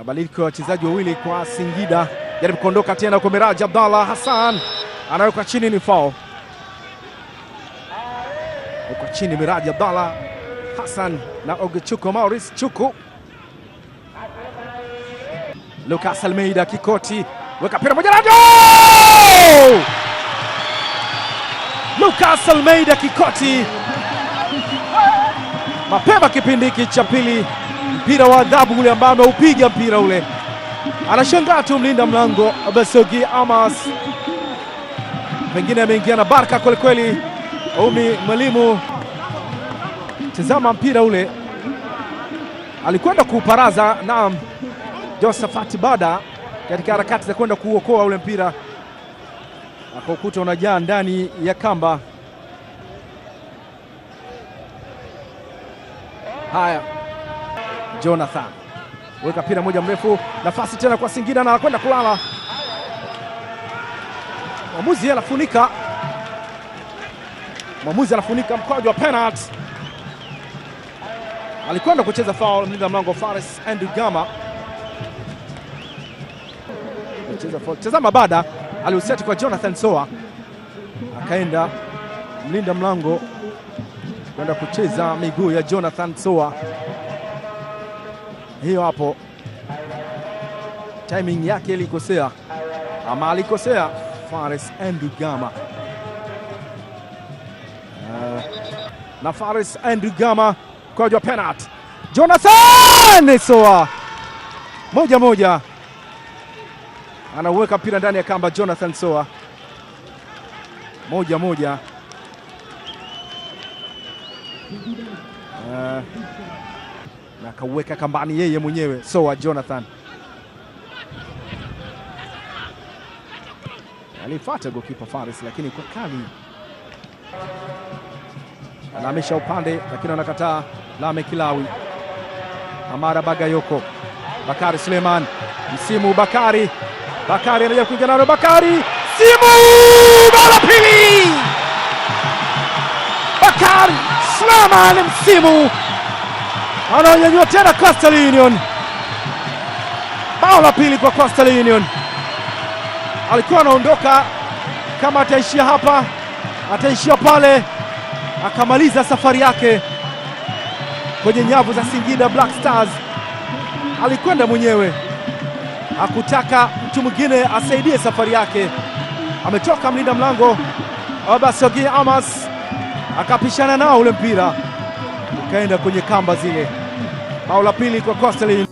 mabadiliko ya wachezaji wawili kwa Singida. Jaribu kuondoka tena kwa Miraji Abdallah Hassan, anawekwa chini, ni foul. kwa chini. Miraji Abdallah Hassan na Ogechuko Maurice Chuku. Lucas Almeida Kikoti, weka pira moja rajo! Lucas Almeida Kikoti mapema kipindi hiki cha pili mpira wa adhabu ule ambaye ameupiga mpira ule, anashangaa tu mlinda mlango Besogi Amas, pengine ameingia na baraka kwelikweli. Umi mwalimu, tazama mpira ule alikwenda kuuparaza. Naam, Josephat Bada katika harakati za kwenda kuuokoa ule mpira akaukuta unajaa ndani ya kamba. Haya. Jonathan weka mpira moja mrefu, nafasi tena kwa Singida na anakwenda kulala. Mwamuzi anafunika, mwamuzi anafunika mkwaju wa penalt Alikwenda kucheza foul mlinda mlango Fares Andrew Gama kucheza foul. Tazama, baada aliuseti kwa Jonathan Soa, akaenda mlinda mlango kwenda kucheza miguu ya Jonathan Soa hiyo hapo timing yake ilikosea, ama alikosea Faris Endugama. Uh, na fares Endugama kwajwa penalty. Jonathan Soa moja moja anauweka mpira ndani ya kamba. Jonathan Soa moja moja. Uh, na akauweka kambani yeye mwenyewe Soa Jonathan. Alifuata gokipa Faris, lakini kwa kali anaamisha upande, lakini anakataa Lame Kilawi. Amara Bagayoko, Bakari Suleiman, Msimu Bakari, Bakari anaja kuingia nalo, Bakari Simu, bao pili, Bakari Suleiman Msimu anaonyanyua tena Coastal Union, bao la pili kwa Coastal Union. Alikuwa anaondoka kama ataishia hapa, ataishia pale, akamaliza safari yake kwenye nyavu za Singida Black Stars. Alikwenda mwenyewe, hakutaka mtu mwingine asaidie safari yake. Ametoka mlinda mlango Abasogi Amas akapishana nao ule mpira ukaenda kwenye kamba zile. Paula Pili com a costa ali.